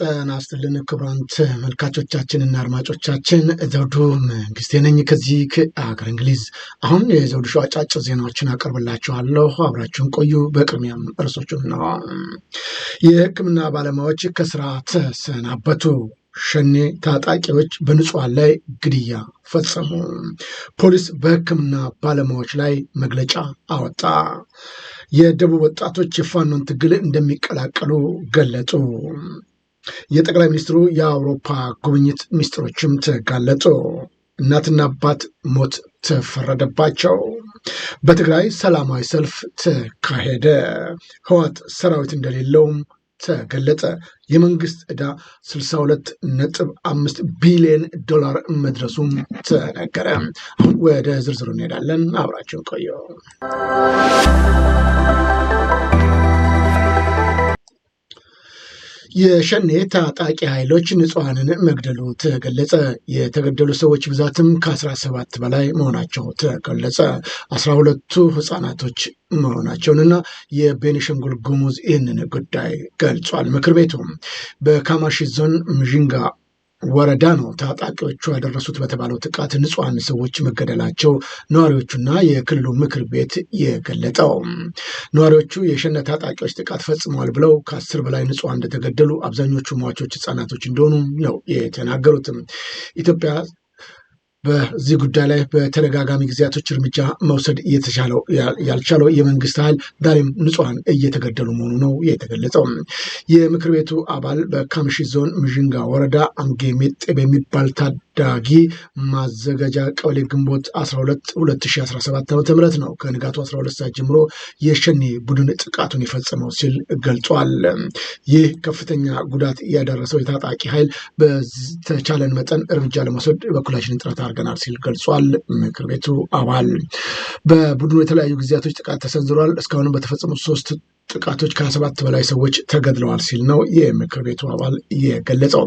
ጤና ይስጥልን ክቡራን ተመልካቾቻችንና አድማጮቻችን ዘውዱ መንግስቴ ነኝ ከዚህ ከአገር እንግሊዝ። አሁን የዘውዱ ሾው አጫጭር ዜናዎችን አቀርብላችኋለሁ፣ አብራችሁን ቆዩ። በቅድሚያም ርዕሶቹን ነው። የህክምና ባለሙያዎች ከስራ ተሰናበቱ። ሸኔ ታጣቂዎች በንጹሐን ላይ ግድያ ፈጸሙ። ፖሊስ በህክምና ባለሙያዎች ላይ መግለጫ አወጣ። የደቡብ ወጣቶች የፋኖን ትግል እንደሚቀላቀሉ ገለጹ። የጠቅላይ ሚኒስትሩ የአውሮፓ ጉብኝት ሚስጥሮችም ተጋለጡ። እናትና አባት ሞት ተፈረደባቸው። በትግራይ ሰላማዊ ሰልፍ ተካሄደ። ህወሓት ሰራዊት እንደሌለውም ተገለጠ። የመንግስት ዕዳ 62 ነጥብ 5 ቢሊዮን ዶላር መድረሱም ተነገረ። አሁን ወደ ዝርዝሩ እንሄዳለን። አብራችን ቆየው። የሸኔ ታጣቂ ኃይሎች ንጹሐንን መግደሉ ተገለጸ። የተገደሉ ሰዎች ብዛትም ከ17 በላይ መሆናቸው ተገለጸ። 12ቱ ህጻናቶች መሆናቸውንና የቤኒሻንጉል ጉሙዝ ይህንን ጉዳይ ገልጿል። ምክር ቤቱ በካማሺ ዞን ምዥንጋ ወረዳ ነው ታጣቂዎቹ ያደረሱት በተባለው ጥቃት ንጹሐን ሰዎች መገደላቸው ነዋሪዎቹና የክልሉ ምክር ቤት የገለጠው። ነዋሪዎቹ የሸነ ታጣቂዎች ጥቃት ፈጽመዋል ብለው ከአስር በላይ ንጹሐን እንደተገደሉ፣ አብዛኞቹ ሟቾች ህጻናቶች እንደሆኑ ነው የተናገሩትም ኢትዮጵያ በዚህ ጉዳይ ላይ በተደጋጋሚ ጊዜያቶች እርምጃ መውሰድ ያልቻለው የመንግስት ኃይል ዛሬም ንጹሐን እየተገደሉ መሆኑ ነው የተገለጸው። የምክር ቤቱ አባል በካምሺ ዞን ምዥንጋ ወረዳ አምጌ ሜጤ በሚባል ዳጊ ማዘጋጃ ቀበሌ ግንቦት 12 2017 ዓ ም ነው ከንጋቱ 12 ሰዓት ጀምሮ የሸኔ ቡድን ጥቃቱን የፈጸመው ሲል ገልጿል። ይህ ከፍተኛ ጉዳት ያደረሰው የታጣቂ ኃይል በተቻለን መጠን እርምጃ ለመውሰድ በኩላችን ጥረት አድርገናል ሲል ገልጿል። ምክር ቤቱ አባል በቡድኑ የተለያዩ ጊዜያቶች ጥቃት ተሰንዝሯል። እስካሁንም በተፈጸሙት ሶስት ጥቃቶች ከሰባት በላይ ሰዎች ተገድለዋል ሲል ነው የምክር ቤቱ አባል የገለጸው።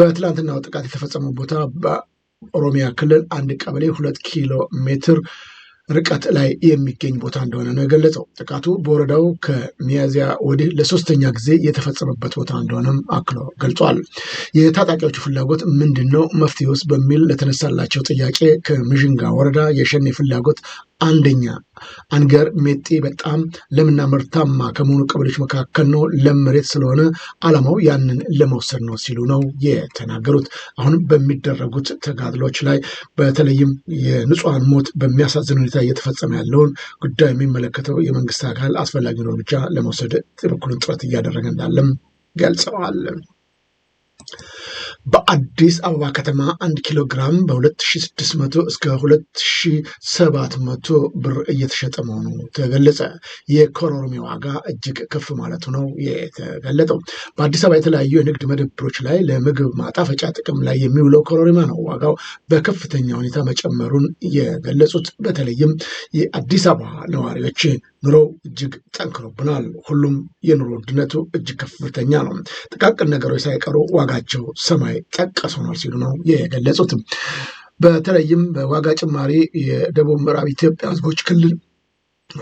በትላንትናው ጥቃት የተፈጸመው ቦታ በኦሮሚያ ክልል አንድ ቀበሌ ሁለት ኪሎ ሜትር ርቀት ላይ የሚገኝ ቦታ እንደሆነ ነው የገለጸው። ጥቃቱ በወረዳው ከሚያዚያ ወዲህ ለሶስተኛ ጊዜ የተፈጸመበት ቦታ እንደሆነም አክሎ ገልጿል። የታጣቂዎቹ ፍላጎት ምንድን ነው መፍትሄ ውስጥ በሚል ለተነሳላቸው ጥያቄ ከምዥንጋ ወረዳ የሸኔ ፍላጎት አንደኛ አንገር ሜጤ በጣም ለምና ምርታማ ከመሆኑ ቀበሌዎች መካከል ነው። ለም መሬት ስለሆነ አላማው ያንን ለመውሰድ ነው ሲሉ ነው የተናገሩት። አሁን በሚደረጉት ተጋድሎች ላይ በተለይም የንጹሐን ሞት በሚያሳዝን ሁኔታ እየተፈጸመ ያለውን ጉዳይ የሚመለከተው የመንግስት አካል አስፈላጊውን እርምጃ ለመውሰድ የበኩሉን ጥረት እያደረገ እንዳለም ገልጸዋል። በአዲስ አበባ ከተማ አንድ ኪሎ ግራም በ2600 እስከ 2700 ብር እየተሸጠ መሆኑ ተገለጸ። የኮረሪማ ዋጋ እጅግ ከፍ ማለቱ ነው የተገለጠው። በአዲስ አበባ የተለያዩ የንግድ መደብሮች ላይ ለምግብ ማጣፈጫ ጥቅም ላይ የሚውለው ኮረሪማ ነው ዋጋው በከፍተኛ ሁኔታ መጨመሩን የገለጹት በተለይም የአዲስ አበባ ነዋሪዎች ኑሮው እጅግ ጠንክሮብናል። ሁሉም የኑሮ ውድነቱ እጅግ ከፍተኛ ነው። ጥቃቅን ነገሮች ሳይቀሩ ዋጋቸው ሰማይ ጠቀስ ሆኗል ሲሉ ነው የገለጹትም። በተለይም በዋጋ ጭማሪ የደቡብ ምዕራብ ኢትዮጵያ ህዝቦች ክልል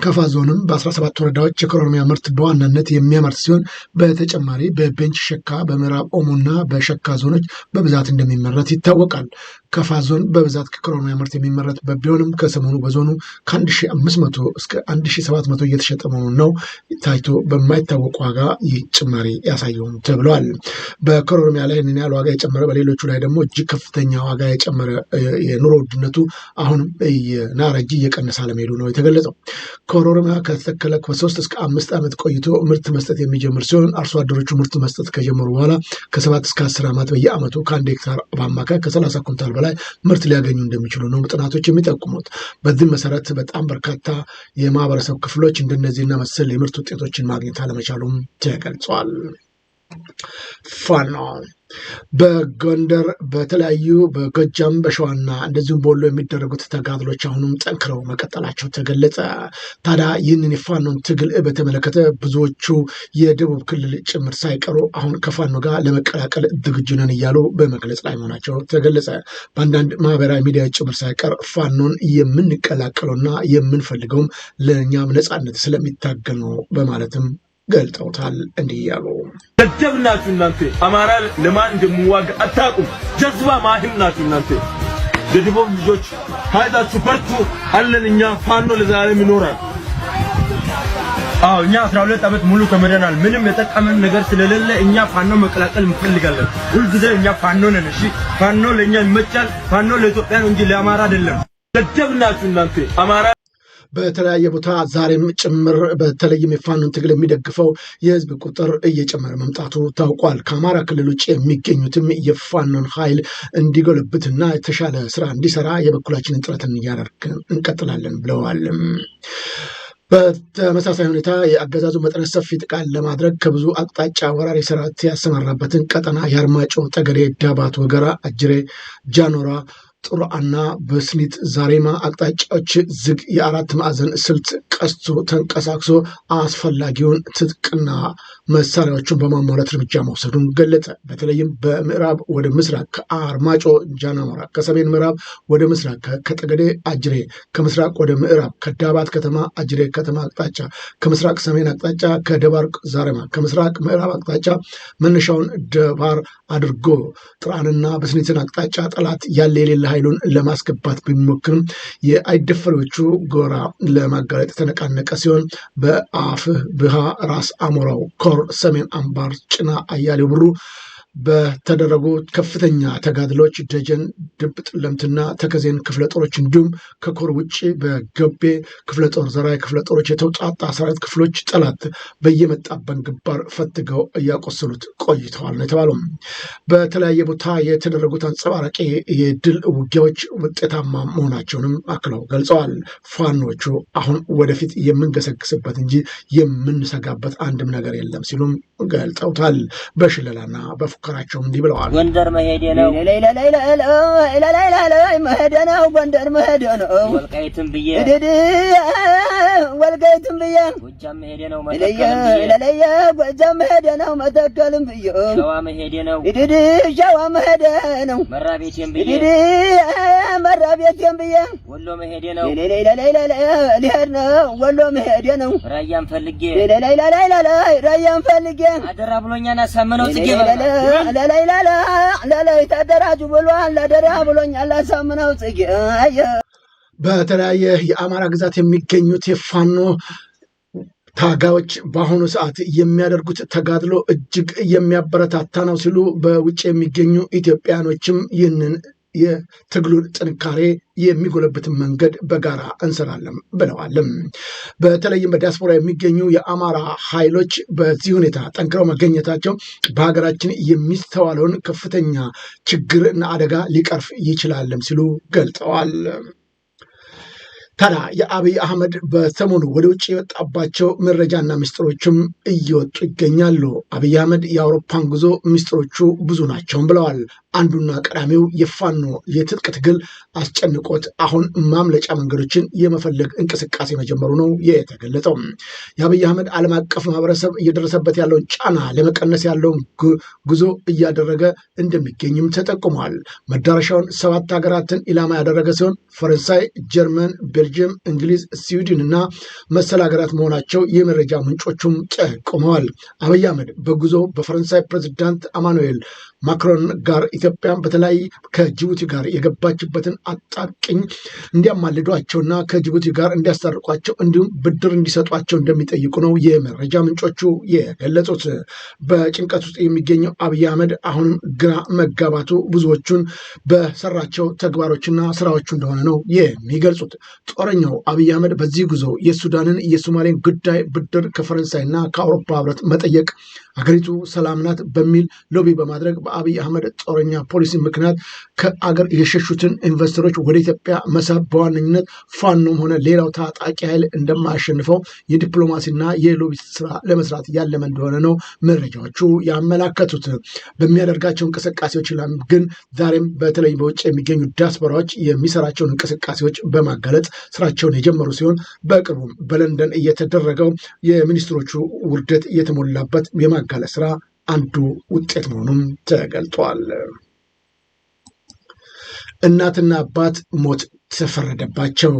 ከፋ ዞንም በ17 ወረዳዎች የኮሮሚያ ምርት በዋናነት የሚያመርት ሲሆን በተጨማሪ በቤንች ሸካ፣ በምዕራብ ኦሞና በሸካ ዞኖች በብዛት እንደሚመረት ይታወቃል። ከፋ ዞን በብዛት ከኮሮሚያ ምርት የሚመረትበት ቢሆንም ከሰሞኑ በዞኑ ከ1500 እስከ 1700 እየተሸጠ መሆኑን ነው ታይቶ በማይታወቅ ዋጋ ይህ ጭማሪ ያሳየውም ተብለዋል። በኮሮሚያ ላይ ይህን ያህል ዋጋ የጨመረ በሌሎቹ ላይ ደግሞ እጅግ ከፍተኛ ዋጋ የጨመረ የኑሮ ውድነቱ አሁንም ናረጂ እየቀነሰ አለመሄዱ ነው የተገለጸው። ከኦሮሚያ ከተተከለ ከሶስት እስከ አምስት ዓመት ቆይቶ ምርት መስጠት የሚጀምር ሲሆን አርሶ አደሮቹ ምርት መስጠት ከጀመሩ በኋላ ከሰባት እስከ አስር ዓመት በየዓመቱ ከአንድ ሄክታር በአማካይ ከሰላሳ ኩንታል በላይ ምርት ሊያገኙ እንደሚችሉ ነው ጥናቶች የሚጠቁሙት። በዚህ መሰረት በጣም በርካታ የማህበረሰብ ክፍሎች እንደነዚህና መሰል የምርት ውጤቶችን ማግኘት አለመቻሉም ተገልጿል። ፋኖ በጎንደር በተለያዩ በጎጃም በሸዋና እንደዚሁም በወሎ የሚደረጉት ተጋድሎች አሁንም ጠንክረው መቀጠላቸው ተገለጸ። ታዲያ ይህንን የፋኖን ትግል በተመለከተ ብዙዎቹ የደቡብ ክልል ጭምር ሳይቀሩ አሁን ከፋኖ ጋር ለመቀላቀል ዝግጁ ነን እያሉ በመግለጽ ላይ መሆናቸው ተገለጸ። በአንዳንድ ማህበራዊ ሚዲያዎች ጭምር ሳይቀር ፋኖን የምንቀላቀለውና የምንፈልገውም ለእኛም ነፃነት ስለሚታገል ነው በማለትም ገልጠውታል። እንዲህ እያሉ ደደብ ናችሁ እናንተ አማራ ለማን እንደምዋጋ አታውቁም። ጀዝባ ማህም ናችሁ እናንተ የድቦም ልጆች ሀይታችሁ በርቱ አለን። እኛ ፋኖ ለዘላለም ይኖራል። አዎ እኛ 12 ዓመት ሙሉ ከመደናል። ምንም የጠቀመን ነገር ስለሌለ እኛ ፋኖ መቀላቀል እንፈልጋለን። ሁልጊዜ እኛ ፋኖ ነን። እሺ ፋኖ ለእኛ ይመቻል። ፋኖ ለኢትዮጵያ ነው እንጂ ለአማራ አይደለም። ደደብ ናችሁ እናንተ አማራ በተለያየ ቦታ ዛሬም ጭምር በተለይም የፋኖን ትግል የሚደግፈው የህዝብ ቁጥር እየጨመረ መምጣቱ ታውቋል። ከአማራ ክልል ውጭ የሚገኙትም የፋኖን ኃይል እንዲጎለብትና የተሻለ ስራ እንዲሰራ የበኩላችንን ጥረትን እያደረግን እንቀጥላለን ብለዋል። በተመሳሳይ ሁኔታ የአገዛዙ መጠነ ሰፊ ጥቃት ለማድረግ ከብዙ አቅጣጫ ወራሪ ሰራዊት ያሰማራበትን ቀጠና የአርማጮ ጠገዴ፣ ዳባት፣ ወገራ፣ አጅሬ፣ ጃኖራ ጥሩአና በስኒት ዛሬማ አቅጣጫዎች ዝግ የአራት ማዕዘን ስልት ቀስቶ ተንቀሳቅሶ አስፈላጊውን ትጥቅና መሳሪያዎቹን በማሟላት እርምጃ መውሰዱን ገለጸ። በተለይም በምዕራብ ወደ ምስራቅ ከአርማጮ ጃናሞራ፣ ከሰሜን ምዕራብ ወደ ምስራቅ ከጠገዴ አጅሬ፣ ከምስራቅ ወደ ምዕራብ ከዳባት ከተማ አጅሬ ከተማ አቅጣጫ፣ ከምስራቅ ሰሜን አቅጣጫ ከደባርቅ ዛሬማ፣ ከምስራቅ ምዕራብ አቅጣጫ መነሻውን ደባር አድርጎ ጥርአንና በስኒትን አቅጣጫ ጠላት ያለ የሌለ ኃይሉን ለማስገባት ቢሞክርም የአይደፈሪዎቹ ጎራ ለማጋለጥ የተነቃነቀ ሲሆን ብሃ ራስ አሞራው ኮር ሰሜን አምባር ጭና አያሌው ብሩ በተደረጉ ከፍተኛ ተጋድሎች ደጀን፣ ድብ ጥለምትና ተከዜን ክፍለ ጦሮች እንዲሁም ከኮር ውጭ በገቤ ክፍለ ጦር፣ ዘራይ ክፍለ ጦሮች የተውጣጣ አስራት ክፍሎች ጠላት በየመጣበን ግንባር ፈትገው እያቆሰሉት ቆይተዋል ነው የተባለው። በተለያየ ቦታ የተደረጉት አንጸባራቂ የድል ውጊያዎች ውጤታማ መሆናቸውንም አክለው ገልጸዋል። ፋኖቹ አሁን ወደፊት የምንገሰግስበት እንጂ የምንሰጋበት አንድም ነገር የለም ሲሉም ገልጠውታል። በሽለላና በ አልጨከናቸውም። እንዲህ ብለዋል። ጎንደር መሄዴ ነው ነው ጎንደር መሄደ ነው ወልቃይትም ብዬ ወልቃይትም ብዬ ጎጃም መሄደ ነው ለለየ ጎጃም መሄደ ነው መተከልም ብዬ ሸዋ ነው ድድ ሸዋ ነው ብዬ ድድ ብዬ ወሎ ነው ሊሄድ ነው ወሎ ነው ራያም ፈልጌ ራያም ፈልጌ አደራ ብሎኛና ጽጌ ለላይ ላላ ለላይ ተደራጁ ብሏል። ለደራ ብሎኛል። ላሳምነው ጽጌ በተለያየ የአማራ ግዛት የሚገኙት የፋኖ ታጋዮች በአሁኑ ሰዓት የሚያደርጉት ተጋድሎ እጅግ የሚያበረታታ ነው ሲሉ በውጭ የሚገኙ ኢትዮጵያኖችም ይህንን የትግሉን ጥንካሬ የሚጎለብትን መንገድ በጋራ እንሰራለን ብለዋልም። በተለይም በዲያስፖራ የሚገኙ የአማራ ኃይሎች በዚህ ሁኔታ ጠንክረው መገኘታቸው በሀገራችን የሚስተዋለውን ከፍተኛ ችግር እና አደጋ ሊቀርፍ ይችላልም ሲሉ ገልጠዋል። ታዲያ የአብይ አህመድ በሰሞኑ ወደ ውጭ የወጣባቸው መረጃና ምስጢሮችም እየወጡ ይገኛሉ። አብይ አህመድ የአውሮፓን ጉዞ ምስጢሮቹ ብዙ ናቸውም ብለዋል። አንዱና ቀዳሚው የፋኖ የትጥቅ ትግል አስጨንቆት አሁን ማምለጫ መንገዶችን የመፈለግ እንቅስቃሴ መጀመሩ ነው የተገለጠው። የአብይ አህመድ ዓለም አቀፍ ማህበረሰብ እየደረሰበት ያለውን ጫና ለመቀነስ ያለውን ጉዞ እያደረገ እንደሚገኝም ተጠቁሟል። መዳረሻውን ሰባት ሀገራትን ኢላማ ያደረገ ሲሆን ፈረንሳይ፣ ጀርመን፣ ቤልጅየም፣ እንግሊዝ፣ ስዊድን እና መሰል ሀገራት መሆናቸው የመረጃ ምንጮቹም ጠቁመዋል። አብይ አህመድ በጉዞ በፈረንሳይ ፕሬዚዳንት አማኑኤል ማክሮን ጋር ኢትዮጵያ በተለይ ከጅቡቲ ጋር የገባችበትን አጣቅኝ እንዲያማልዷቸውና ከጅቡቲ ጋር እንዲያስታርቋቸው እንዲሁም ብድር እንዲሰጧቸው እንደሚጠይቁ ነው የመረጃ ምንጮቹ የገለጹት። በጭንቀት ውስጥ የሚገኘው አብይ አህመድ አሁንም ግራ መጋባቱ ብዙዎቹን በሰራቸው ተግባሮችና ስራዎቹ እንደሆነ ነው የሚገልጹት። ጦረኛው አብይ አህመድ በዚህ ጉዞ የሱዳንን የሶማሌን ጉዳይ ብድር ከፈረንሳይና ከአውሮፓ ህብረት መጠየቅ ሀገሪቱ ሰላም ናት በሚል ሎቢ በማድረግ በአብይ አህመድ ጦረኛ ፖሊሲ ምክንያት ከአገር የሸሹትን ኢንቨስተሮች ወደ ኢትዮጵያ መሳብ በዋነኝነት ፋኖም ሆነ ሌላው ታጣቂ ኃይል እንደማያሸንፈው የዲፕሎማሲና የሎቢ ስራ ለመስራት ያለመ እንደሆነ ነው መረጃዎቹ ያመላከቱት። በሚያደርጋቸው እንቅስቃሴዎች ላም ግን ዛሬም በተለይ በውጭ የሚገኙ ዲያስፖራዎች የሚሰራቸውን እንቅስቃሴዎች በማጋለጥ ስራቸውን የጀመሩ ሲሆን በቅርቡም በለንደን እየተደረገው የሚኒስትሮቹ ውርደት የተሞላበት የተጋጋለ ስራ አንዱ ውጤት መሆኑም ተገልጧል። እናትና አባት ሞት ተፈረደባቸው።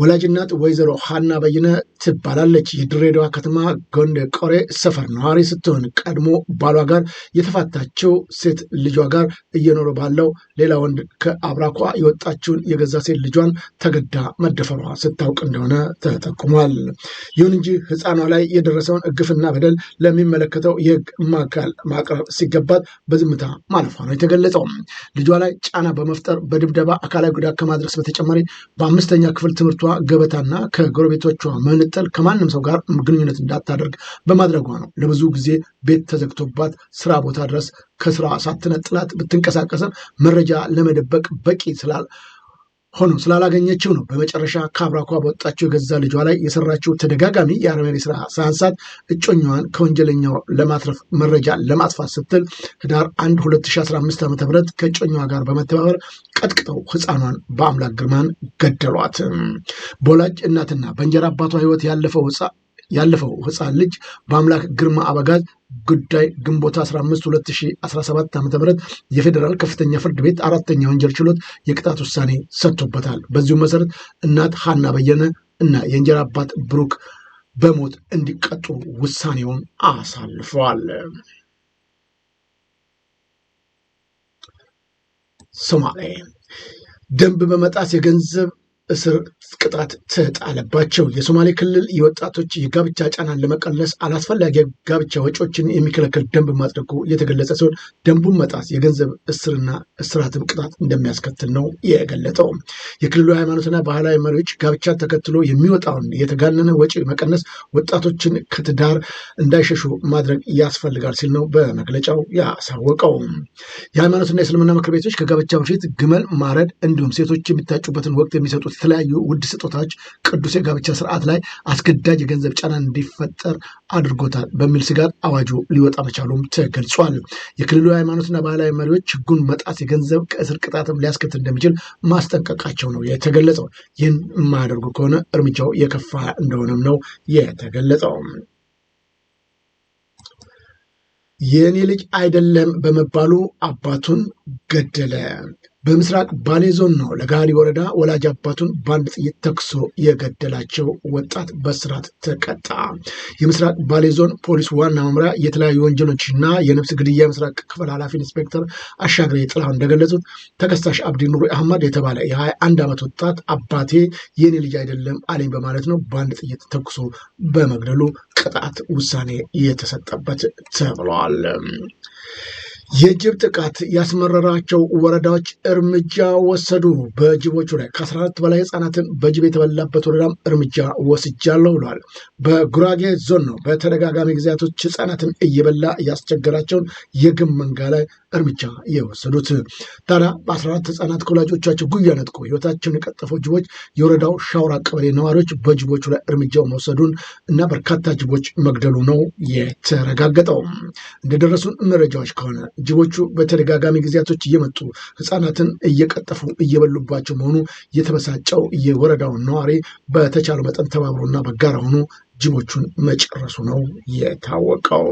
ወላጅናት ወይዘሮ ሀና በይነ ትባላለች። የድሬዳዋ ከተማ ጎንደ ቆሬ ሰፈር ነዋሪ ስትሆን ቀድሞ ባሏ ጋር የተፋታችው ሴት ልጇ ጋር እየኖረ ባለው ሌላ ወንድ ከአብራኳ የወጣችውን የገዛ ሴት ልጇን ተገዳ መደፈሯ ስታውቅ እንደሆነ ተጠቁሟል። ይሁን እንጂ ሕፃኗ ላይ የደረሰውን እግፍና በደል ለሚመለከተው የህግ ማካል ማቅረብ ሲገባት በዝምታ ማለፏ ነው የተገለጸው። ልጇ ላይ ጫና በመፍጠር በድብደባ አካላዊ ጉዳት ከማድረስ በተጨማሪ በአምስተኛ ክፍል ትምህርቷ ገበታና ከጎረቤቶቿ መንጠል ከማንም ሰው ጋር ግንኙነት እንዳታደርግ በማድረጓ ነው። ለብዙ ጊዜ ቤት ተዘግቶባት ስራ ቦታ ድረስ ከስራ ሳትነጥላት ብትንቀሳቀስም መረጃ ለመደበቅ በቂ ስላል ሆኖም ስላላገኘችው ነው በመጨረሻ ከአብራኳ በወጣችው የገዛ ልጇ ላይ የሰራችው ተደጋጋሚ የአረመኔ ስራ ሳያንሳት እጮኛዋን ከወንጀለኛው ለማትረፍ መረጃ ለማጥፋት ስትል ህዳር 1 2015 ዓ ም ከእጮኛዋ ጋር በመተባበር ቀጥቅጠው ህፃኗን በአምላክ ግርማን ገደሏት። በወላጅ እናትና በእንጀራ አባቷ ህይወት ያለፈው ያለፈው ህፃን ልጅ በአምላክ ግርማ አበጋዝ ጉዳይ ግንቦት 15 2017 ዓ ም የፌዴራል ከፍተኛ ፍርድ ቤት አራተኛ ወንጀል ችሎት የቅጣት ውሳኔ ሰጥቶበታል። በዚሁ መሰረት እናት ሀና በየነ እና የእንጀራ አባት ብሩክ በሞት እንዲቀጡ ውሳኔውን አሳልፈዋል። ሶማሌ ደንብ በመጣስ የገንዘብ እስር ቅጣት ተጣለባቸው። የሶማሌ ክልል የወጣቶች የጋብቻ ጫናን ለመቀነስ አላስፈላጊ ጋብቻ ወጪዎችን የሚከለክል ደንብ ማጽደቁ የተገለጸ ሲሆን ደንቡን መጣስ የገንዘብ እስርና እስራትም ቅጣት እንደሚያስከትል ነው የገለጠው። የክልሉ ሃይማኖትና ባህላዊ መሪዎች ጋብቻን ተከትሎ የሚወጣውን የተጋነነ ወጪ መቀነስ፣ ወጣቶችን ከትዳር እንዳይሸሹ ማድረግ ያስፈልጋል ሲል ነው በመግለጫው ያሳወቀው። የሃይማኖትና የእስልምና ምክር ቤቶች ከጋብቻ በፊት ግመል ማረድ እንዲሁም ሴቶች የሚታጩበትን ወቅት የሚሰጡት የተለያዩ ውድ ስጦታዎች ቅዱስ የጋብቻ ስርዓት ላይ አስገዳጅ የገንዘብ ጫና እንዲፈጠር አድርጎታል በሚል ስጋት አዋጁ ሊወጣ መቻሉም ተገልጿል። የክልሉ ሃይማኖትና ባህላዊ መሪዎች ህጉን መጣስ የገንዘብ ከእስር ቅጣትም ሊያስከትል እንደሚችል ማስጠንቀቃቸው ነው የተገለጸው። ይህን የማያደርጉ ከሆነ እርምጃው የከፋ እንደሆነም ነው የተገለጸው። የእኔ ልጅ አይደለም በመባሉ አባቱን ገደለ። በምስራቅ ባሌ ዞን ነው ለጋሪ ወረዳ ወላጅ አባቱን በአንድ ጥይት ተኩሶ የገደላቸው ወጣት በስራት ተቀጣ። የምስራቅ ባሌ ዞን ፖሊስ ዋና መምሪያ የተለያዩ እና የነፍስ ግድያ ምስራቅ ክፍል ኃላፊ ኢንስፔክተር አሻግሬ ጥላሁን እንደገለጹት ተከሳሽ አብዲ ኑሩ አህመድ የተባለ የ21 ዓመት ወጣት አባቴ የኔ ልጅ አይደለም አለኝ በማለት ነው በአንድ ጥይት ተኩሶ በመግደሉ ቅጣት ውሳኔ የተሰጠበት ተብሏል። የጅብ ጥቃት ያስመረራቸው ወረዳዎች እርምጃ ወሰዱ። በጅቦቹ ላይ ከ14 በላይ ህጻናትን በጅብ የተበላበት ወረዳም እርምጃ ወስጃለሁ ብለዋል። በጉራጌ ዞን ነው በተደጋጋሚ ጊዜያቶች ህጻናትን እየበላ ያስቸገራቸውን የግም መንጋ ላይ እርምጃ የወሰዱት። ታዲያ በ14 ህጻናት ከወላጆቻቸው ጉያ ነጥቆ ህይወታቸውን የቀጠፈው ጅቦች የወረዳው ሻውራ ቀበሌ ነዋሪዎች በጅቦቹ ላይ እርምጃው መውሰዱን እና በርካታ ጅቦች መግደሉ ነው የተረጋገጠው። እንደደረሱን መረጃዎች ከሆነ ጅቦቹ በተደጋጋሚ ጊዜያቶች እየመጡ ህፃናትን እየቀጠፉ እየበሉባቸው መሆኑ የተበሳጨው የወረዳውን ነዋሪ በተቻለ መጠን ተባብሮና በጋራ ሆኖ ጅቦቹን መጨረሱ ነው የታወቀው።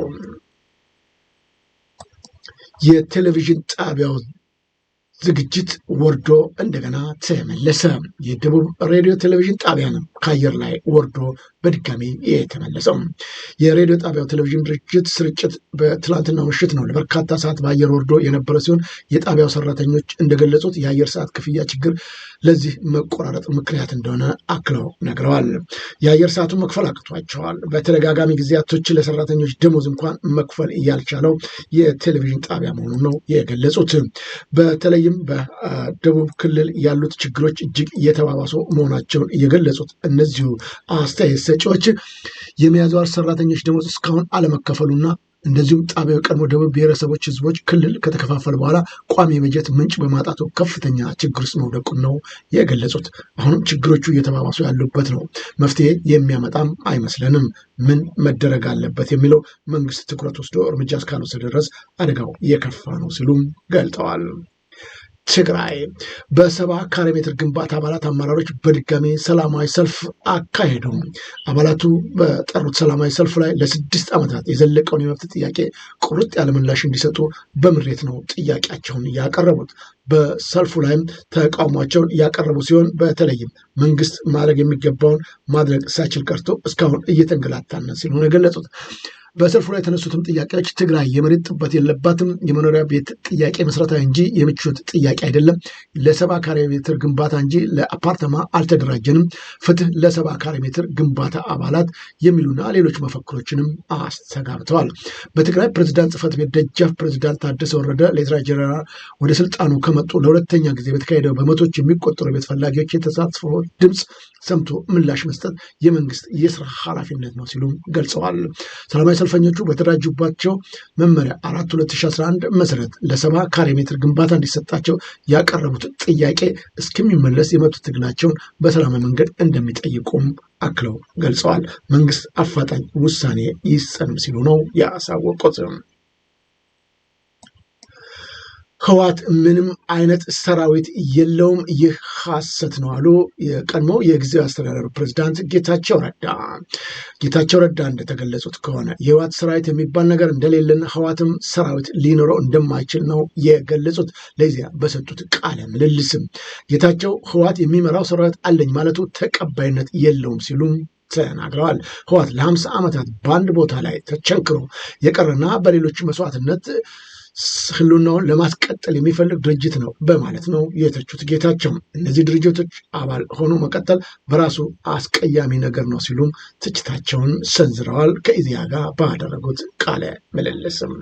የቴሌቪዥን ጣቢያው ዝግጅት ወርዶ እንደገና ተመለሰ። የደቡብ ሬዲዮ ቴሌቪዥን ጣቢያ ነው ከአየር ላይ ወርዶ በድጋሚ የተመለሰው። የሬዲዮ ጣቢያው ቴሌቪዥን ድርጅት ስርጭት በትላንትና ምሽት ነው ለበርካታ ሰዓት በአየር ወርዶ የነበረ ሲሆን የጣቢያው ሰራተኞች እንደገለጹት የአየር ሰዓት ክፍያ ችግር ለዚህ መቆራረጥ ምክንያት እንደሆነ አክለው ነግረዋል። የአየር ሰዓቱን መክፈል አቅቷቸዋል። በተደጋጋሚ ጊዜያቶች ለሰራተኞች ደሞዝ እንኳን መክፈል እያልቻለው የቴሌቪዥን ጣቢያ መሆኑን ነው የገለጹት። በተለይ በተለይም በደቡብ ክልል ያሉት ችግሮች እጅግ እየተባባሱ መሆናቸውን የገለጹት እነዚሁ አስተያየት ሰጪዎች የሚያዘዋር ሰራተኞች ደሞዝ እስካሁን አለመከፈሉና እንደዚሁም ጣቢያው ቀድሞ ደቡብ ብሔረሰቦች ህዝቦች ክልል ከተከፋፈለ በኋላ ቋሚ በጀት ምንጭ በማጣቱ ከፍተኛ ችግር ውስጥ መውደቁን ነው የገለጹት። አሁንም ችግሮቹ እየተባባሱ ያሉበት ነው። መፍትሄ የሚያመጣም አይመስለንም። ምን መደረግ አለበት የሚለው መንግስት ትኩረት ወስዶ እርምጃ እስካልወሰደ ድረስ አደጋው የከፋ ነው ሲሉም ገልጠዋል። ትግራይ በሰባ ካሬ ሜትር ግንባታ አባላት አመራሮች በድጋሚ ሰላማዊ ሰልፍ አካሄዱ። አባላቱ በጠሩት ሰላማዊ ሰልፍ ላይ ለስድስት ዓመታት የዘለቀውን የመብት ጥያቄ ቁርጥ ያለ ምላሽ እንዲሰጡ በምሬት ነው ጥያቄያቸውን ያቀረቡት። በሰልፉ ላይም ተቃውሟቸውን ያቀረቡ ሲሆን በተለይም መንግስት ማድረግ የሚገባውን ማድረግ ሳይችል ቀርቶ እስካሁን እየተንገላታነ ሲል ሆነ ገለጹት። በሰልፉ ላይ የተነሱትም ጥያቄዎች ትግራይ የመሬት ጥበት የለባትም፣ የመኖሪያ ቤት ጥያቄ መሰረታዊ እንጂ የምቾት ጥያቄ አይደለም፣ ለሰባ ካሬ ሜትር ግንባታ እንጂ ለአፓርተማ አልተደራጀንም፣ ፍትህ ለሰባ ካሬ ሜትር ግንባታ አባላት የሚሉና ሌሎች መፈክሮችንም አስተጋብተዋል። በትግራይ ፕሬዚዳንት ጽህፈት ቤት ደጃፍ ፕሬዚዳንት ታደሰ ወረደ ሌተና ጀነራል ወደ ስልጣኑ ከመጡ ለሁለተኛ ጊዜ በተካሄደው በመቶች የሚቆጠሩ ቤት ፈላጊዎች የተሳትፎ ድምፅ ሰምቶ ምላሽ መስጠት የመንግስት የስራ ኃላፊነት ነው ሲሉም ገልጸዋል። ሰላማዊ ሰልፈኞቹ በተደራጁባቸው መመሪያ አራት 2011 መሰረት ለሰባ ካሬ ሜትር ግንባታ እንዲሰጣቸው ያቀረቡት ጥያቄ እስከሚመለስ የመብት ትግላቸውን በሰላማዊ መንገድ እንደሚጠይቁም አክለው ገልጸዋል። መንግስት አፋጣኝ ውሳኔ ይሰጥም ሲሉ ነው ያሳወቁት። ህወሓት ምንም አይነት ሰራዊት የለውም። ይህ ሐሰት ነው አሉ የቀድሞው የጊዜያዊ አስተዳደሩ ፕሬዚዳንት ጌታቸው ረዳ። ጌታቸው ረዳ እንደተገለጹት ከሆነ የህወሓት ሰራዊት የሚባል ነገር እንደሌለን ህወሓትም ሰራዊት ሊኖረው እንደማይችል ነው የገለጹት። ለዚያ በሰጡት ቃለ ምልልስም ጌታቸው ህወሓት የሚመራው ሰራዊት አለኝ ማለቱ ተቀባይነት የለውም ሲሉም ተናግረዋል። ህወሓት ለሀምሳ ዓመታት በአንድ ቦታ ላይ ተቸንክሮ የቀረና በሌሎች መስዋዕትነት ህልውናውን ለማስቀጠል የሚፈልግ ድርጅት ነው በማለት ነው የተቹት ጌታቸው። እነዚህ ድርጅቶች አባል ሆኖ መቀጠል በራሱ አስቀያሚ ነገር ነው ሲሉም ትችታቸውን ሰንዝረዋል። ከኢዜአ ጋር ባደረጉት ቃለ ምልልስም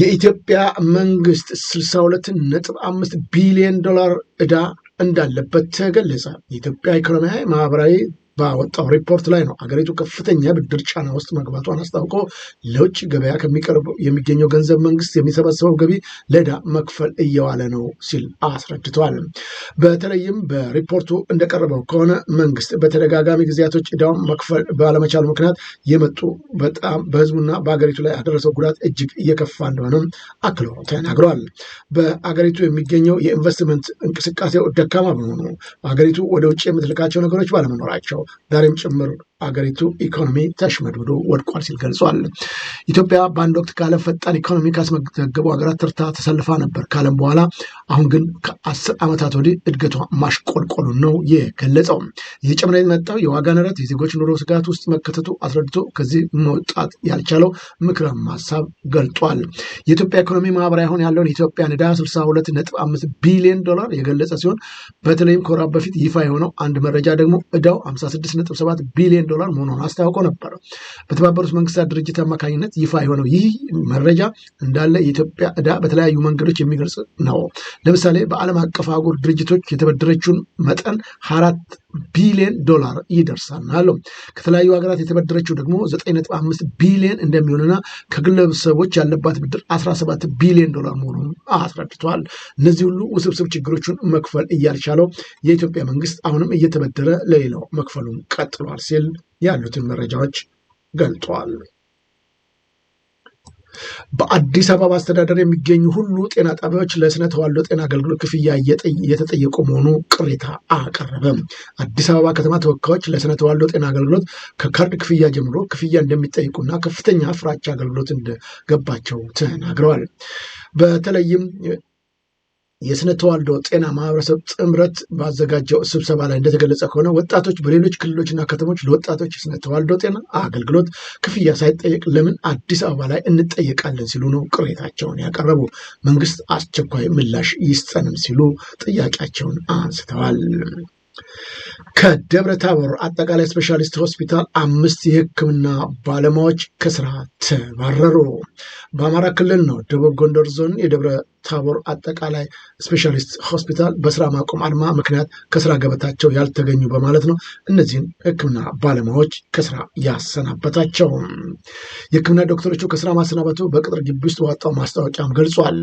የኢትዮጵያ መንግስት 62 ቢሊዮን ዶላር እዳ እንዳለበት ተገለጸ። የኢትዮጵያ ኢኮኖሚያዊ ማህበራዊ ባወጣው ሪፖርት ላይ ነው። አገሪቱ ከፍተኛ ብድር ጫና ውስጥ መግባቷን አስታውቆ ለውጭ ገበያ ከሚቀርብ የሚገኘው ገንዘብ መንግስት የሚሰበሰበው ገቢ ለዕዳ መክፈል እየዋለ ነው ሲል አስረድተዋል። በተለይም በሪፖርቱ እንደቀረበው ከሆነ መንግስት በተደጋጋሚ ጊዜያቶች ዕዳውን መክፈል ባለመቻሉ ምክንያት የመጡ በጣም በህዝቡና በሀገሪቱ ላይ ያደረሰው ጉዳት እጅግ እየከፋ እንደሆነም አክሎ ተናግረዋል። በአገሪቱ የሚገኘው የኢንቨስትመንት እንቅስቃሴው ደካማ በመሆኑ በሀገሪቱ ወደ ውጭ የምትልካቸው ነገሮች ባለመኖራቸው ዛሬም ጭምር አገሪቱ ኢኮኖሚ ተሽመድምዶ ወድቋል ሲል ገልጿል። ኢትዮጵያ በአንድ ወቅት ከዓለም ፈጣን ኢኮኖሚ ካስመዘገቡ ሀገራት ተርታ ተሰልፋ ነበር ካለም በኋላ አሁን ግን ከአስር ዓመታት ወዲህ እድገቷ ማሽቆልቆሉን ነው የገለጸው። እየጨመረ የመጣው የዋጋ ንረት የዜጎች ኑሮ ስጋት ውስጥ መከተቱ አስረድቶ ከዚህ መውጣት ያልቻለው ምክረ ሀሳብ ገልጧል። የኢትዮጵያ ኢኮኖሚ ማህበራዊ አሁን ያለውን የኢትዮጵያ ዕዳ 62 5 ቢሊዮን ዶላር የገለጸ ሲሆን በተለይም ከወራት በፊት ይፋ የሆነው አንድ መረጃ ደግሞ ዕዳው 567 ቢሊዮን ሚሊዮን ዶላር መሆኑን አስታውቆ ነበር። በተባበሩት መንግስታት ድርጅት አማካኝነት ይፋ የሆነው ይህ መረጃ እንዳለ የኢትዮጵያ ዕዳ በተለያዩ መንገዶች የሚገልጽ ነው። ለምሳሌ በዓለም አቀፍ አህጉር ድርጅቶች የተበደረችውን መጠን አራት ቢሊዮን ዶላር ይደርሳል አለው። ከተለያዩ ሀገራት የተበደረችው ደግሞ 9.5 ቢሊዮን እንደሚሆንና ከግለሰቦች ያለባት ብድር 17 ቢሊዮን ዶላር መሆኑን አስረድተዋል። እነዚህ ሁሉ ውስብስብ ችግሮቹን መክፈል እያልቻለው የኢትዮጵያ መንግስት አሁንም እየተበደረ ለሌላው መክፈሉን ቀጥሏል ሲል ያሉትን መረጃዎች ገልጠዋል። በአዲስ አበባ አስተዳደር የሚገኙ ሁሉ ጤና ጣቢያዎች ለስነ ተዋልዶ ጤና አገልግሎት ክፍያ እየተጠየቁ መሆኑ ቅሬታ አቀረበም። አዲስ አበባ ከተማ ተወካዮች ለስነ ተዋልዶ ጤና አገልግሎት ከካርድ ክፍያ ጀምሮ ክፍያ እንደሚጠይቁና ከፍተኛ ፍራቻ አገልግሎት እንደገባቸው ተናግረዋል። በተለይም የስነ ተዋልዶ ጤና ማህበረሰብ ጥምረት ባዘጋጀው ስብሰባ ላይ እንደተገለጸ ከሆነ ወጣቶች በሌሎች ክልሎችና ከተሞች ለወጣቶች የስነ ተዋልዶ ጤና አገልግሎት ክፍያ ሳይጠየቅ ለምን አዲስ አበባ ላይ እንጠየቃለን ሲሉ ነው ቅሬታቸውን ያቀረቡ። መንግስት አስቸኳይ ምላሽ ይስጠንም ሲሉ ጥያቄያቸውን አንስተዋል። ከደብረ ታቦር አጠቃላይ ስፔሻሊስት ሆስፒታል አምስት የህክምና ባለሙያዎች ከስራ ተባረሩ። በአማራ ክልል ነው ደቡብ ጎንደር ዞን የደብረ ታቦር አጠቃላይ ስፔሻሊስት ሆስፒታል በስራ ማቆም አድማ ምክንያት ከስራ ገበታቸው ያልተገኙ በማለት ነው እነዚህን ህክምና ባለሙያዎች ከስራ ያሰናበታቸው። የህክምና ዶክተሮቹ ከስራ ማሰናበቱ በቅጥር ግቢ ውስጥ ዋጣው ማስታወቂያም ገልጿል።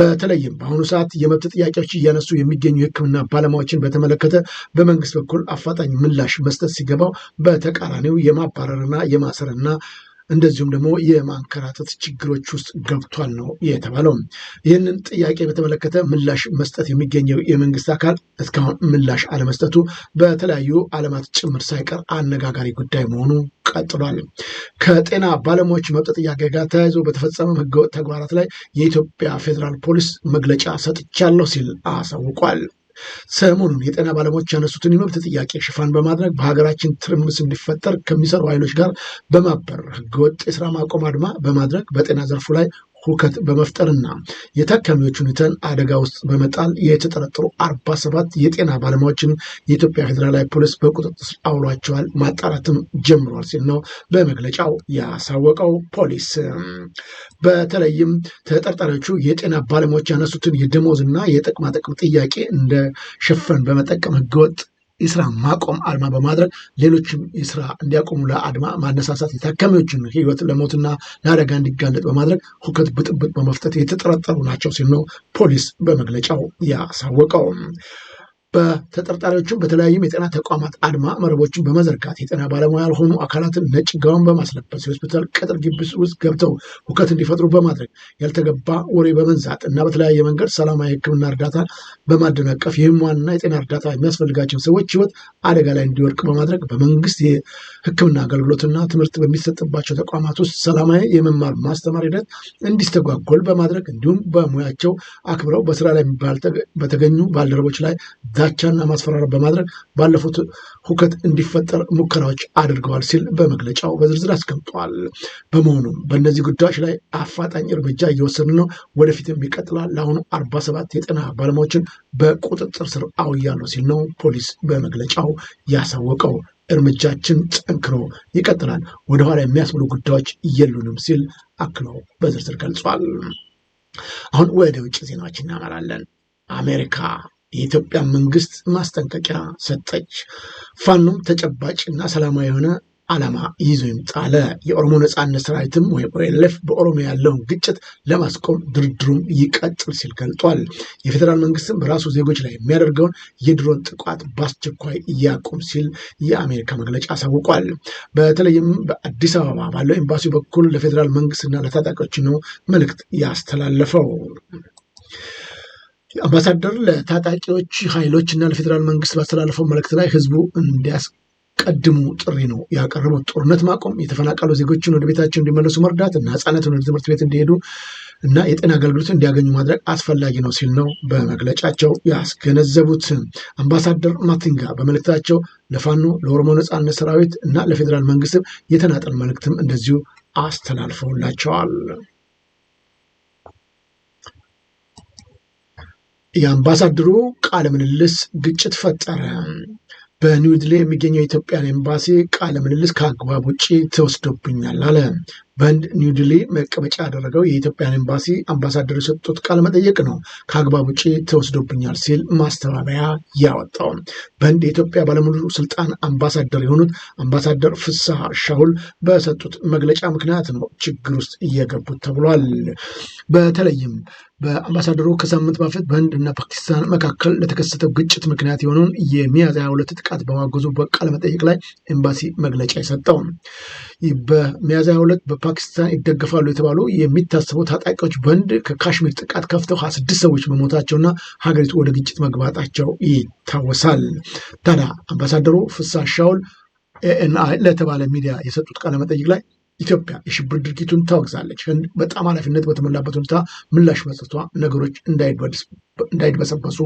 በተለይም በአሁኑ ሰዓት የመብት ጥያቄዎች እያነሱ የሚገኙ የህክምና ባለሙያዎችን በተመለከተ በመንግስት በኩል በኩል አፋጣኝ ምላሽ መስጠት ሲገባው በተቃራኒው የማባረርና የማሰርና እንደዚሁም ደግሞ የማንከራተት ችግሮች ውስጥ ገብቷል ነው የተባለው። ይህንን ጥያቄ በተመለከተ ምላሽ መስጠት የሚገኘው የመንግስት አካል እስካሁን ምላሽ አለመስጠቱ በተለያዩ ዓለማት ጭምር ሳይቀር አነጋጋሪ ጉዳይ መሆኑ ቀጥሏል። ከጤና ባለሙያዎች መብት ጥያቄ ጋር ተያይዞ በተፈጸመም ህገወጥ ተግባራት ላይ የኢትዮጵያ ፌዴራል ፖሊስ መግለጫ ሰጥቻለሁ ሲል አሳውቋል። ሰሞኑን የጤና ባለሙያዎች ያነሱትን የመብት ጥያቄ ሽፋን በማድረግ በሀገራችን ትርምስ እንዲፈጠር ከሚሰሩ ኃይሎች ጋር በማበር ህገወጥ የስራ ማቆም አድማ በማድረግ በጤና ዘርፉ ላይ ሁከት በመፍጠርና የታካሚዎች ሁኔታን አደጋ ውስጥ በመጣል የተጠረጠሩ አርባ ሰባት የጤና ባለሙያዎችን የኢትዮጵያ ፌዴራላዊ ፖሊስ በቁጥጥር ስር አውሏቸዋል፣ ማጣራትም ጀምሯል ሲል ነው በመግለጫው ያሳወቀው። ፖሊስ በተለይም ተጠርጣሪዎቹ የጤና ባለሙያዎች ያነሱትን የደሞዝና የጥቅማጥቅም ጥያቄ እንደ ሽፋን በመጠቀም ህገወጥ የስራ ማቆም አድማ በማድረግ ሌሎችም የስራ እንዲያቆሙ ለአድማ ማነሳሳት የታካሚዎችን ህይወት ለሞትና ለአደጋ እንዲጋለጥ በማድረግ ሁከት፣ ብጥብጥ በመፍጠት የተጠረጠሩ ናቸው ሲል ነው ፖሊስ በመግለጫው ያሳወቀው። በተጠርጣሪዎችም በተለያዩም የጤና ተቋማት አድማ መረቦችን በመዘርጋት የጤና ባለሙያ ያልሆኑ አካላትን ነጭ ጋውን በማስለበስ የሆስፒታል ቅጥር ግቢ ውስጥ ገብተው ሁከት እንዲፈጥሩ በማድረግ ያልተገባ ወሬ በመንዛት እና በተለያየ መንገድ ሰላማዊ ሕክምና እርዳታ በማደናቀፍ ይህም ዋና የጤና እርዳታ የሚያስፈልጋቸው ሰዎች ህይወት አደጋ ላይ እንዲወድቅ በማድረግ በመንግስት የሕክምና አገልግሎትና ትምህርት በሚሰጥባቸው ተቋማት ውስጥ ሰላማዊ የመማር ማስተማር ሂደት እንዲስተጓጎል በማድረግ እንዲሁም በሙያቸው አክብረው በስራ ላይ በተገኙ ባልደረቦች ላይ ዛቻና ማስፈራሪያ በማድረግ ባለፉት ሁከት እንዲፈጠር ሙከራዎች አድርገዋል ሲል በመግለጫው በዝርዝር አስቀምጧል። በመሆኑም በእነዚህ ጉዳዮች ላይ አፋጣኝ እርምጃ እየወሰድን ነው፣ ወደፊትም ይቀጥላል። ለአሁኑ አርባ ሰባት የጤና ባለሙያዎችን በቁጥጥር ስር አውያለሁ ሲል ነው ፖሊስ በመግለጫው ያሳወቀው። እርምጃችን ጠንክሮ ይቀጥላል፣ ወደኋላ የሚያስብሉ ጉዳዮች የሉንም ሲል አክሎ በዝርዝር ገልጿል። አሁን ወደ ውጭ ዜናዎች እናመራለን። አሜሪካ የኢትዮጵያ መንግስት ማስጠንቀቂያ ሰጠች። ፋኖም ተጨባጭ እና ሰላማዊ የሆነ አላማ ይዞ ይምጣ አለ። የኦሮሞ ነጻነት ሰራዊትም ወይም ኦኤልኤፍ በኦሮሚያ ያለውን ግጭት ለማስቆም ድርድሩም ይቀጥል ሲል ገልጧል። የፌዴራል መንግስትም በራሱ ዜጎች ላይ የሚያደርገውን የድሮን ጥቃት በአስቸኳይ እያቁም ሲል የአሜሪካ መግለጫ አሳውቋል። በተለይም በአዲስ አበባ ባለው ኤምባሲ በኩል ለፌዴራል መንግስትና ለታጣቂዎች ነው መልእክት ያስተላለፈው። አምባሳደር ለታጣቂዎች ኃይሎች እና ለፌዴራል መንግስት ባስተላለፈው መልእክት ላይ ህዝቡ እንዲያስቀድሙ ጥሪ ነው ያቀረቡት። ጦርነት ማቆም፣ የተፈናቀሉ ዜጎችን ወደ ቤታቸው እንዲመለሱ መርዳት እና ህጻናትን ወደ ትምህርት ቤት እንዲሄዱ እና የጤና አገልግሎት እንዲያገኙ ማድረግ አስፈላጊ ነው ሲል ነው በመግለጫቸው ያስገነዘቡት። አምባሳደር ማቲንጋ በመልእክታቸው ለፋኖ ለኦሮሞ ነጻነት ሰራዊት እና ለፌዴራል መንግስትም የተናጠል መልእክትም እንደዚሁ አስተላልፈውላቸዋል። የአምባሳደሩ ቃለ ምልልስ ግጭት ፈጠረ። በኒውድሌ የሚገኘው የኢትዮጵያን ኤምባሲ ቃለ ምልልስ ከአግባብ ውጭ ተወስዶብኛል አለ። በህንድ ኒውድሊ መቀመጫ ያደረገው የኢትዮጵያን ኤምባሲ አምባሳደር የሰጡት ቃለ መጠየቅ ነው ከአግባብ ውጭ ተወስዶብኛል ሲል ማስተባበያ ያወጣው። በህንድ የኢትዮጵያ ባለሙሉ ስልጣን አምባሳደር የሆኑት አምባሳደር ፍስሐ ሻሁል በሰጡት መግለጫ ምክንያት ነው ችግር ውስጥ እየገቡት ተብሏል። በተለይም በአምባሳደሩ ከሳምንት በፊት እና ፓኪስታን መካከል ለተከሰተው ግጭት ምክንያት የሆነውን የሚያዝያ ሁለት ጥቃት በማወገዙ በቃለመጠይቅ ላይ ኤምባሲ መግለጫ የሰጠው በሚያዝያ ሁለት በፓኪስታን ይደገፋሉ የተባሉ የሚታሰቡ ታጣቂዎች በህንድ ከካሽሚር ጥቃት ከፍተው ሀያ ስድስት ሰዎች መሞታቸውና ሀገሪቱ ወደ ግጭት መግባታቸው ይታወሳል። ታዲያ አምባሳደሩ ፍሳሻውል ኤንአይ ለተባለ ሚዲያ የሰጡት ቃለመጠይቅ ላይ ኢትዮጵያ የሽብር ድርጊቱን ታወግዛለች። ህንድ በጣም ኃላፊነት በተሞላበት ሁኔታ ምላሽ መስጠቷ ነገሮች እንዳይድበሰበሱ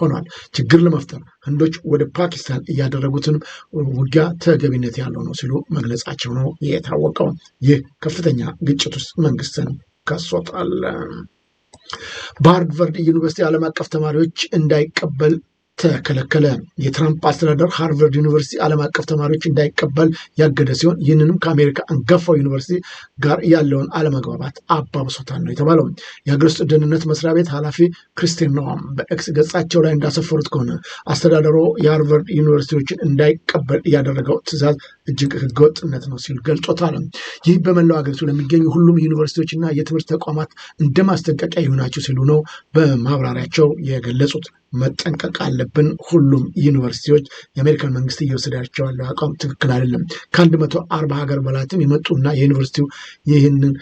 ሆኗል። ችግር ለመፍጠር ህንዶች ወደ ፓኪስታን እያደረጉትን ውጊያ ተገቢነት ያለው ነው ሲሉ መግለጻቸው ነው የታወቀው። ይህ ከፍተኛ ግጭት ውስጥ መንግስትን ከሶታል። በሃርቫርድ ዩኒቨርሲቲ ዓለም አቀፍ ተማሪዎች እንዳይቀበል ተከለከለ። የትራምፕ አስተዳደር ሃርቨርድ ዩኒቨርሲቲ ዓለም አቀፍ ተማሪዎች እንዳይቀበል ያገደ ሲሆን ይህንንም ከአሜሪካ አንጋፋው ዩኒቨርሲቲ ጋር ያለውን አለመግባባት አባብሶታል ነው የተባለው። የሀገር ውስጥ ደህንነት መስሪያ ቤት ኃላፊ ክርስቲን ነዋም በኤክስ ገጻቸው ላይ እንዳሰፈሩት ከሆነ አስተዳደሩ የሃርቨርድ ዩኒቨርሲቲዎችን እንዳይቀበል ያደረገው ትዕዛዝ እጅግ ህገወጥነት ነው ሲል ገልጾታል። ይህ በመላው ሀገሪቱ ለሚገኙ ሁሉም ዩኒቨርሲቲዎችና የትምህርት ተቋማት እንደ ማስጠንቀቂያ ይሆናቸው ሲሉ ነው በማብራሪያቸው የገለጹት። መጠንቀቅ አለብን። ሁሉም ዩኒቨርሲቲዎች የአሜሪካን መንግስት እየወሰዳቸው ያለው አቋም ትክክል አይደለም። ከአንድ መቶ አርባ ሀገር በላይም የመጡና የዩኒቨርሲቲው ይህንን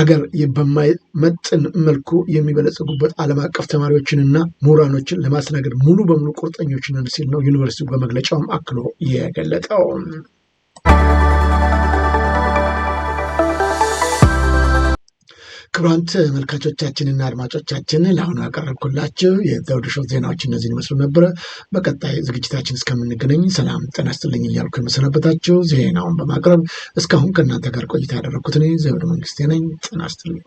አገር በማይመጥን መልኩ የሚበለጽጉበት ዓለም አቀፍ ተማሪዎችንና ምሁራኖችን ለማስተናገድ ሙሉ በሙሉ ቁርጠኞች ሲል ነው ዩኒቨርሲቲው በመግለጫውም አክሎ የገለጠው። ክቡራን ተመልካቾቻችንና አድማጮቻችን ለአሁኑ ያቀረብኩላችሁ የዘውዱ ሾው ዜናዎች እነዚህን ይመስሉ ነበረ። በቀጣይ ዝግጅታችን እስከምንገናኝ ሰላም ጤና ይስጥልኝ እያልኩ የመሰናበታችሁ ዜናውን በማቅረብ እስካሁን ከእናንተ ጋር ቆይታ ያደረግኩት እኔ ዘውዱ መንግስቴ ነኝ። ጤና ይስጥልኝ።